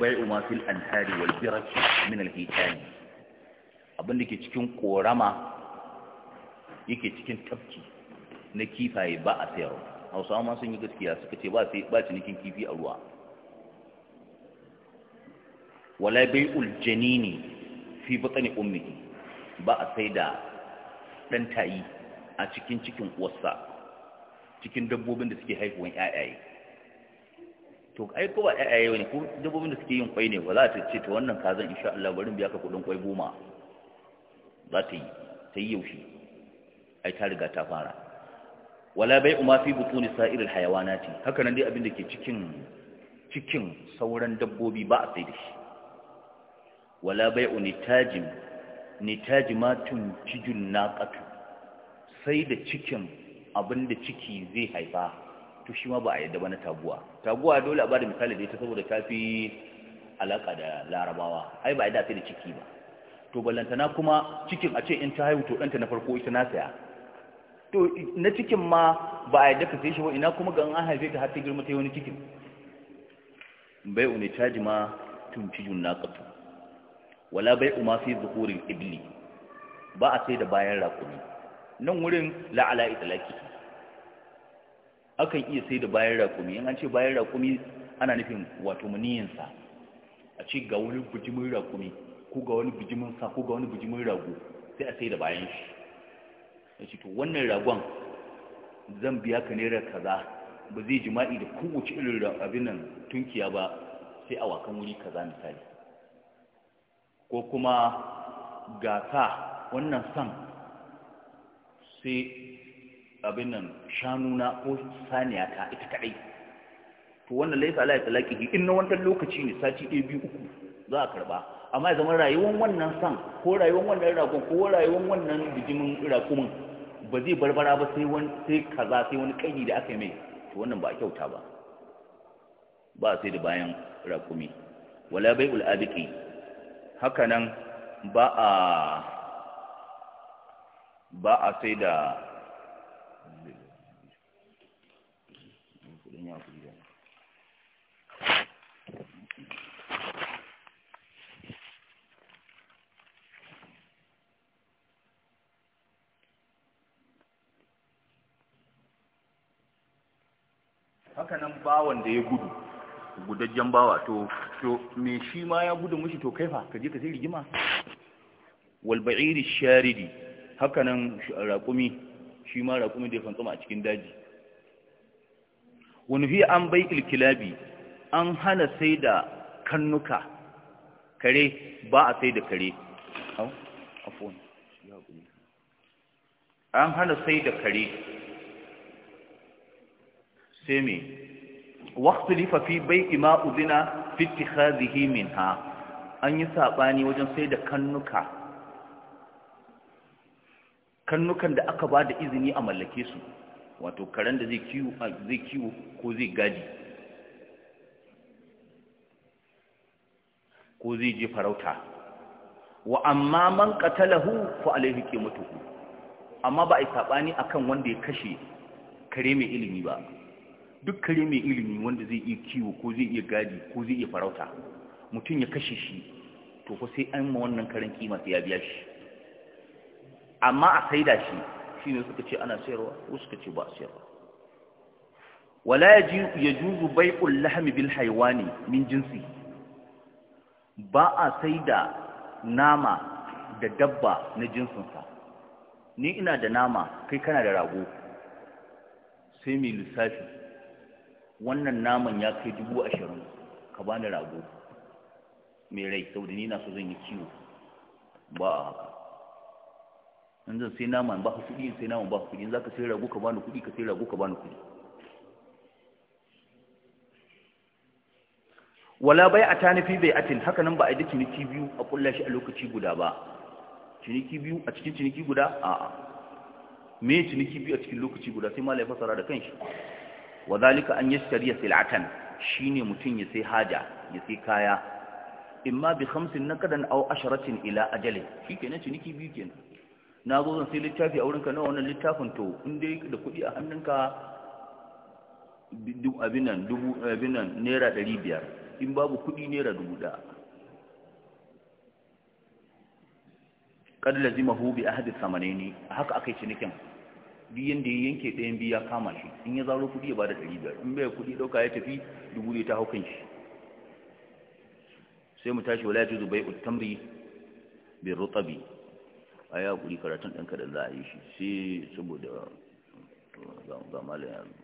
bai ma fil anhari wal min al abin da ke cikin korama yake cikin tafki na kifaye ba a sayarwa hausawa ma sun yi gaskiya suka ce ba sai ba cinikin kifi a ruwa wala bai'ul janini fi batni ummihi ba a sai da dan tayi a cikin cikin uwarsa cikin dabbobin da suke haifuwan yayaye to ai ko ba ayaye wani? ko dabbobin da suke yin kwai ne ba za ta ce to wannan kazan insha Allah bari biya ka kudin kwai goma za ta yi ta yi yaushe ai ta riga ta fara wala bai umma fi butuni sa'iril hayawanati haka nan dai abin da ke cikin cikin sauran dabbobi ba a sai da shi wala bai unitajim nitajimatun cijun naqatu sai da cikin abin da ciki zai haifa to shi ma ba a yadda ba na taguwa taguwa dole a bada misali da ita saboda ta fi alaka da larabawa ai ba a yadda a da ciki ba to ballantana kuma cikin a ce in ta haihu to ɗanta na farko ita na saya to na cikin ma ba a yadda ka sai shi ba ina kuma ga an haife ta har ta girma ta yi wani cikin bai une caji ma tuntijun naqatu wala bai uma fi zuhurin ibli ba a sai da bayan raƙumi nan wurin la'ala itlaki akan iya sai da bayan rakumi in an ce bayan rakumi ana nufin wato muniyinsa a ce ga wani bijimin raƙumi ko ga wani bijimin sa ko ga wani bijimin rago sai a sai da bayan shi ya ce to wannan ragon zan biya ka naira kaza ba zai jima'i da kowace irin abin nan tunkiya ba sai a wakan wuri kaza misali ko kuma gasa wannan san sai abin nan shanuna ko saniya ta ita kadai to wannan laisa la talaqihi in na wannan lokaci ne sati ɗaya biyu uku za a karba amma ya zama rayuwar wannan san ko rayuwar wannan ragon ko rayuwar wannan bijimin rakumin ba zai barbara ba sai wani sai kaza sai wani kai da aka yi mai to wannan ba a kyauta ba ba sai da bayan rakumi wala bai'ul abiki haka nan ba a ba a sai da haka nan bawan da ya gudu gudajjen bawa to to me shi ma ya gudu mushi to kaifa ka je ka sai rigima wal ba'iri sharidi haka nan raqumi shi ma raqumi da ya fantsama a cikin daji wani fi an bai ilkilabi an hana sai da kannuka kare ba a sai da kare an hana sai da kare sai waktu lifafi fi ima uzina fiti fi min ha. an yi saɓani wajen sai da kannuka kannukan da aka ba da izini a mallake su wato karen da zai kiwo ko zai gaji ko zai je farauta wa amma man katalahu fa alaihi qimatuhu amma ba a yi sabani akan wanda ya kashe kare mai ilimi ba duk kare mai ilimi wanda zai iya kiwo ko zai iya gadi ko zai iya farauta mutum ya kashe shi to ko sai an ma wannan karin kima sai ya biya shi amma a saida shi shine suka ce ana sayarwa ko suka ce ba a sayarwa wala yajuzu bai'ul lahmi bil haywani min jinsi ba a saida nama da dabba na jinsinsa ni ina da nama kai kana da rago sai mai lissafi wannan naman ya kai dubu ashirin ka bani rago mai rai saboda ni na so zan yi kiwo ba a haka in zan sai naman ba kuɗi in sai naman ba kuɗi in za ka sai rago ka bani kuɗi ka sai rago ka bani kuɗi wala bai a tanifi bai atin haka nan ba a yi da ciniki biyu a kulla shi a lokaci guda ba ciniki biyu a cikin ciniki guda a me ciniki biyu a cikin lokaci guda sai malai fasara da kanshi wa zalika an yashtari sil'atan shine mutun ya sai haja ya sai kaya imma bi khamsin naqdan aw asharatin ila ajali shikenan ciniki biyu kenan na zo zan sai littafi a wurinka nawa wannan littafin to in dai da kuɗi a hannunka abin nan dubu abin nan naira ɗari biyar in babu kuɗi naira dubu ɗaya kad lazimahu bi ahadi samanaini haka akai cinikin duk da ya yanke ɗayan biyu ya kama shi in ya zaro kuɗi ya ba da ɗari biyar in bai kuɗi ɗauka ya tafi dubu ne ta haukan shi sai mu tashi wala yajuzu bai tamri bin rutabi a ya kuri karatun ɗan kaɗan za a yi shi sai saboda ga